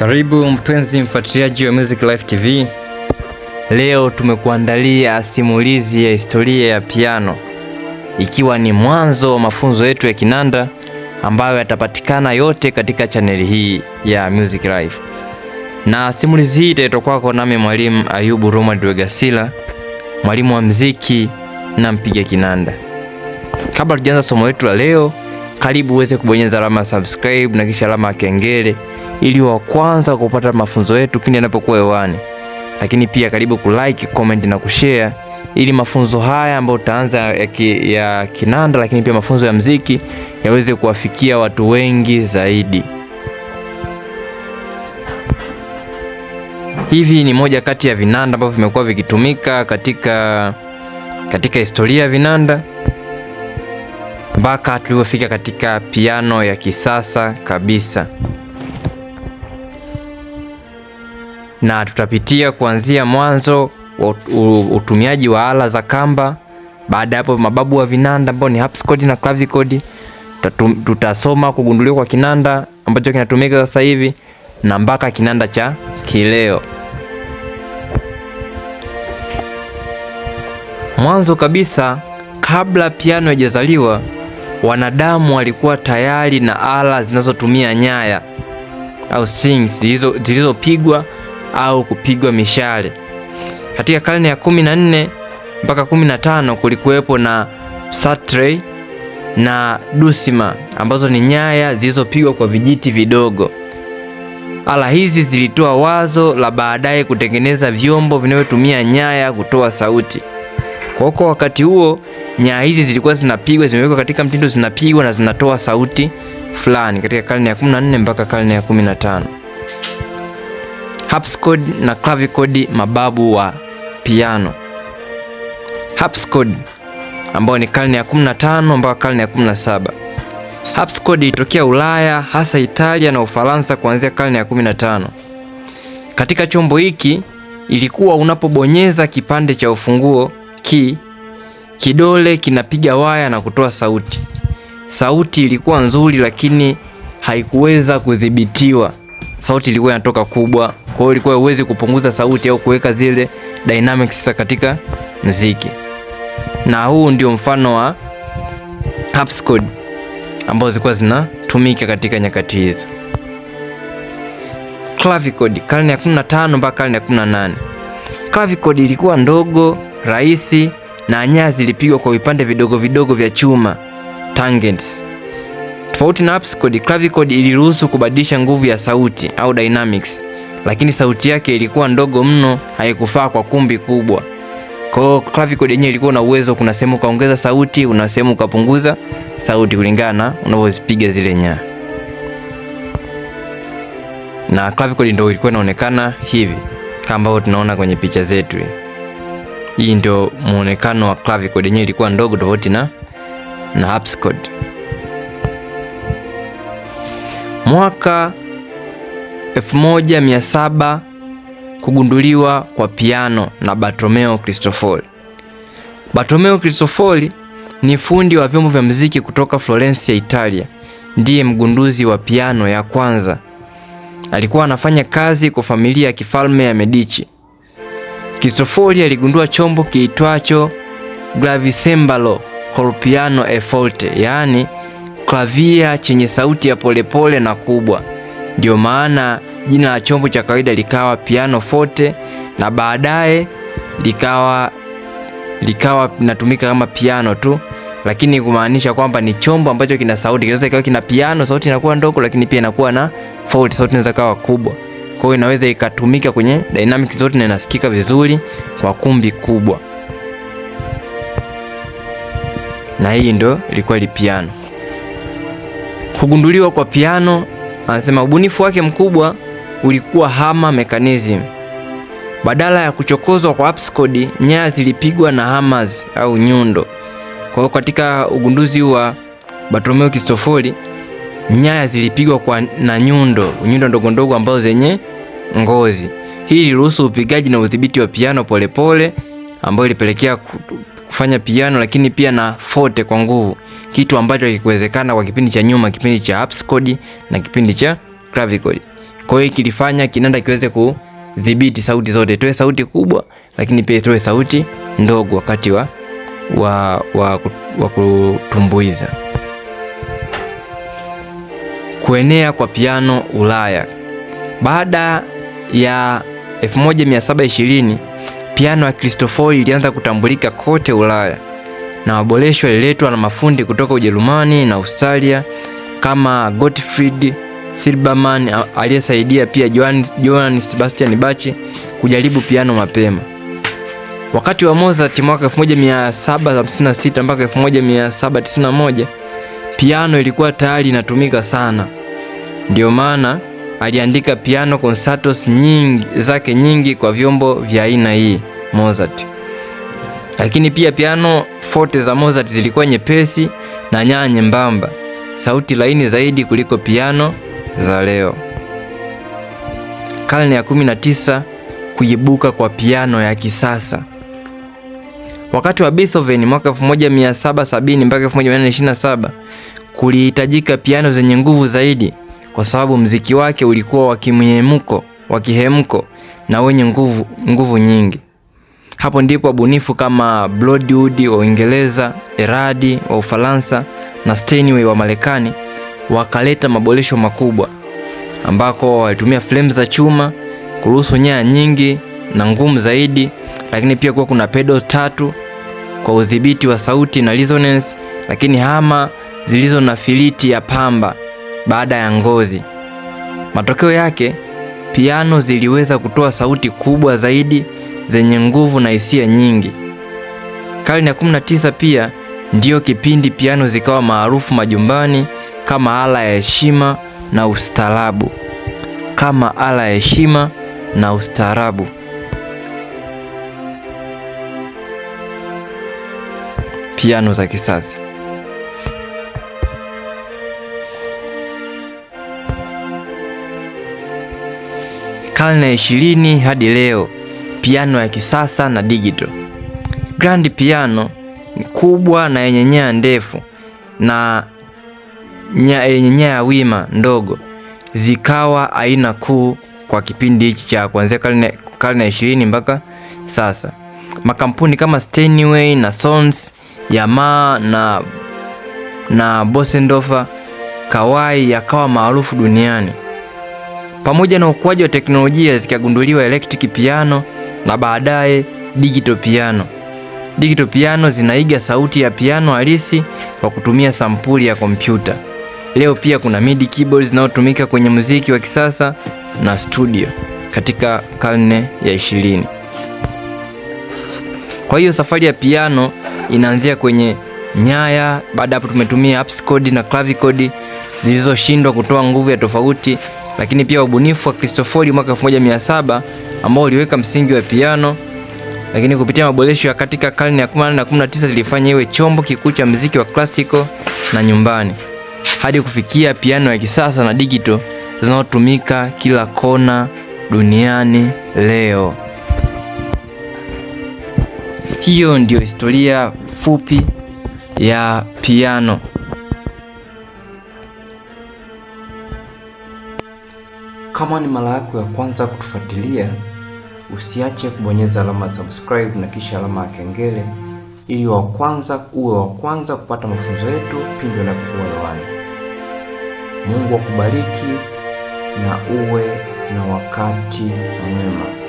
Karibu mpenzi mfuatiliaji wa Music Life TV. Leo tumekuandalia simulizi ya historia ya piano, ikiwa ni mwanzo wa mafunzo yetu ya kinanda ambayo yatapatikana yote katika chaneli hii ya Music Life, na simulizi hii itaitwa kwako nami Mwalimu Ayubu Romad Wegasila, mwalimu wa mziki na mpiga kinanda. Kabla tujaanza somo letu la leo, karibu uweze kubonyeza alama subscribe na kisha alama ya kengele ili wa kwanza kupata mafunzo yetu pindi yanapokuwa hewani, lakini pia karibu kulike, comment na kushare ili mafunzo haya ambayo utaanza ya, ki, ya kinanda lakini pia mafunzo ya mziki yaweze kuwafikia watu wengi zaidi. Hivi ni moja kati ya vinanda ambavyo vimekuwa vikitumika katika, katika historia ya vinanda mpaka tulipofika katika piano ya kisasa kabisa. na tutapitia kuanzia mwanzo utumiaji wa ala za kamba. Baada ya hapo, mababu wa vinanda ambao ni harpsichord na clavichord, tutasoma kugunduliwa kwa kinanda ambacho kinatumika sasa hivi na mpaka kinanda cha kileo. Mwanzo kabisa, kabla piano haijazaliwa, wanadamu walikuwa tayari na ala zinazotumia nyaya au strings zilizopigwa au kupigwa mishale. Katika karne ya 14 mpaka 15 kulikuwepo na satray na dusima ambazo ni nyaya zilizopigwa kwa vijiti vidogo. Ala hizi zilitoa wazo la baadaye kutengeneza vyombo vinavyotumia nyaya kutoa sauti. Kwa huko wakati huo nyaya hizi zilikuwa zinapigwa, zimewekwa katika mtindo, zinapigwa na zinatoa sauti fulani, katika karne ya 14 mpaka karne ya 15 harpsichord na clavichord, mababu wa piano. Harpsichord ambao ni karne ya 15 mpaka karne ya 17. Harpsichord ilitokea Ulaya hasa Italia na Ufaransa kuanzia karne ya 15. Katika chombo hiki ilikuwa unapobonyeza kipande cha ufunguo ki kidole kinapiga waya na kutoa sauti. Sauti ilikuwa nzuri, lakini haikuweza kudhibitiwa sauti ilikuwa inatoka kubwa, kwa hiyo ilikuwa huwezi kupunguza sauti au kuweka zile dynamics sasa katika muziki. Na huu ndio mfano wa harpsichord ambazo zilikuwa zinatumika katika nyakati hizo. Clavichord karne ya 15 mpaka karne ya 18. Clavichord ilikuwa ndogo, rahisi na nyaya zilipigwa kwa vipande vidogo vidogo vya chuma tangents. Tofauti na apps code, clavichord iliruhusu kubadilisha nguvu ya sauti au dynamics, lakini sauti yake ilikuwa ndogo mno, haikufaa kwa kumbi kubwa. Kwa hiyo clavichord yenyewe ilikuwa na uwezo, kuna sehemu ukaongeza sauti, una sehemu ukapunguza sauti kulingana unavyozipiga zile nyaa. Na clavichord ndio ilikuwa inaonekana hivi kama ambavyo tunaona kwenye picha zetu. Hii ndio muonekano wa clavichord yenyewe, ilikuwa ndogo tofauti na na apps code. Mwaka 1700 kugunduliwa kwa piano na bartomeo Cristofori. bartomeo Cristofori ni fundi wa vyombo vya muziki kutoka Florence ya Italia, ndiye mgunduzi wa piano ya kwanza. Alikuwa anafanya kazi kwa familia ya kifalme ya Medici. Cristofori aligundua chombo kiitwacho glavisembalo col piano e forte, yaani klavia chenye sauti ya polepole pole na kubwa. Ndiyo maana jina la chombo cha kawaida likawa piano forte na baadaye likawa likawa linatumika kama piano tu, lakini kumaanisha kwamba ni chombo ambacho kina sauti. Kinaweza ikawa kina piano, sauti inakuwa ndogo, lakini pia inakuwa na forte, sauti inaweza kawa kubwa. Kwa hiyo inaweza ikatumika kwenye dynamic zote na inasikika vizuri kwa kumbi kubwa, na hii ndio ilikuwa piano. Kugunduliwa kwa piano, anasema ubunifu wake mkubwa ulikuwa hammer mechanism. Badala ya kuchokozwa kwa harpsichord, nyaya zilipigwa na hammers au nyundo. Kwa hiyo katika ugunduzi wa Bartolomeo Cristofori nyaya zilipigwa kwa na nyundo, nyundo ndogo ndogo ambazo zenye ngozi. Hii iliruhusu upigaji na udhibiti wa piano polepole, ambayo ilipelekea kufanya piano lakini pia na forte kwa nguvu, kitu ambacho hakikuwezekana kwa kipindi cha nyuma, kipindi cha harpsichord na kipindi cha clavichord. Kwa hiyo kilifanya kinanda kiweze kudhibiti sauti zote, toe sauti kubwa lakini pia itoe sauti ndogo wakati wa, wa, wa, wa kutumbuiza. Kuenea kwa piano Ulaya baada ya 1720 Mapiano ya kristofori ilianza kutambulika kote Ulaya na maboresho yaliletwa na mafundi kutoka Ujerumani na Australia kama Gottfried Silbermann aliyesaidia pia Johann Sebastian Bach kujaribu piano mapema. Wakati wa Mozart mwaka 1756 mpaka 1791 piano ilikuwa tayari inatumika sana, ndiyo maana aliandika piano concertos nyingi, zake nyingi kwa vyombo vya aina hii Mozart. Lakini pia piano forte za Mozart zilikuwa nyepesi na nyaya nyembamba, sauti laini zaidi kuliko piano za leo. Karne ya 19 kuibuka kwa piano ya kisasa. Wakati wa Beethoven mwaka 1770 mpaka 1827 kulihitajika piano zenye nguvu zaidi kwa sababu mziki wake ulikuwa wa kimyemuko, wa kihemko na wenye nguvu, nguvu nyingi. Hapo ndipo wabunifu kama Bloodwood wa Uingereza, Eradi wa Ufaransa na Steinway wa Marekani wakaleta maboresho makubwa ambako walitumia fremu za chuma, kuruhusu nyaya nyingi na ngumu zaidi, lakini pia kuwa kuna pedo tatu kwa udhibiti wa sauti na resonance, lakini hama zilizo na filiti ya pamba baada ya ngozi. Matokeo yake, piano ziliweza kutoa sauti kubwa zaidi zenye nguvu na hisia nyingi. Karne ya 19 pia ndiyo kipindi piano zikawa maarufu majumbani kama ala ya heshima na ustaarabu, kama ala ya heshima na ustaarabu. Piano za kisasa. karne ya ishirini hadi leo, piano ya kisasa na digital. Grand piano ni kubwa na yenye nyaya ndefu na yenye nyaya wima ndogo zikawa aina kuu kwa kipindi hichi cha kuanzia karne ya ishirini mpaka sasa. Makampuni kama Steinway na Sons, Yamaha na, na Bossendorfer Kawai yakawa maarufu duniani. Pamoja na ukuaji wa teknolojia zikagunduliwa electric piano na baadaye digital piano. Digital piano zinaiga sauti ya piano halisi kwa kutumia sampuli ya kompyuta. Leo pia kuna MIDI keyboards zinazotumika kwenye muziki wa kisasa na studio katika karne ya ishirini. Kwa hiyo safari ya piano inaanzia kwenye nyaya, baada hapo tumetumia harpsichord na clavichord zilizoshindwa kutoa nguvu ya tofauti lakini pia ubunifu wa kristofori mwaka 1700 ambao uliweka msingi wa piano, lakini kupitia maboresho ya katika karne ya 18 na 19 ilifanya iwe chombo kikuu cha muziki wa klasiko na nyumbani hadi kufikia piano ya kisasa na digital zinazotumika kila kona duniani leo. Hiyo ndiyo historia fupi ya piano. Kama ni mara yako ya kwanza kutufuatilia, usiache kubonyeza alama ya subscribe na kisha alama ya kengele ili wa kwanza uwe wa kwanza kupata mafunzo yetu pindi unapokuwa hewani. Mungu akubariki na uwe na wakati mwema.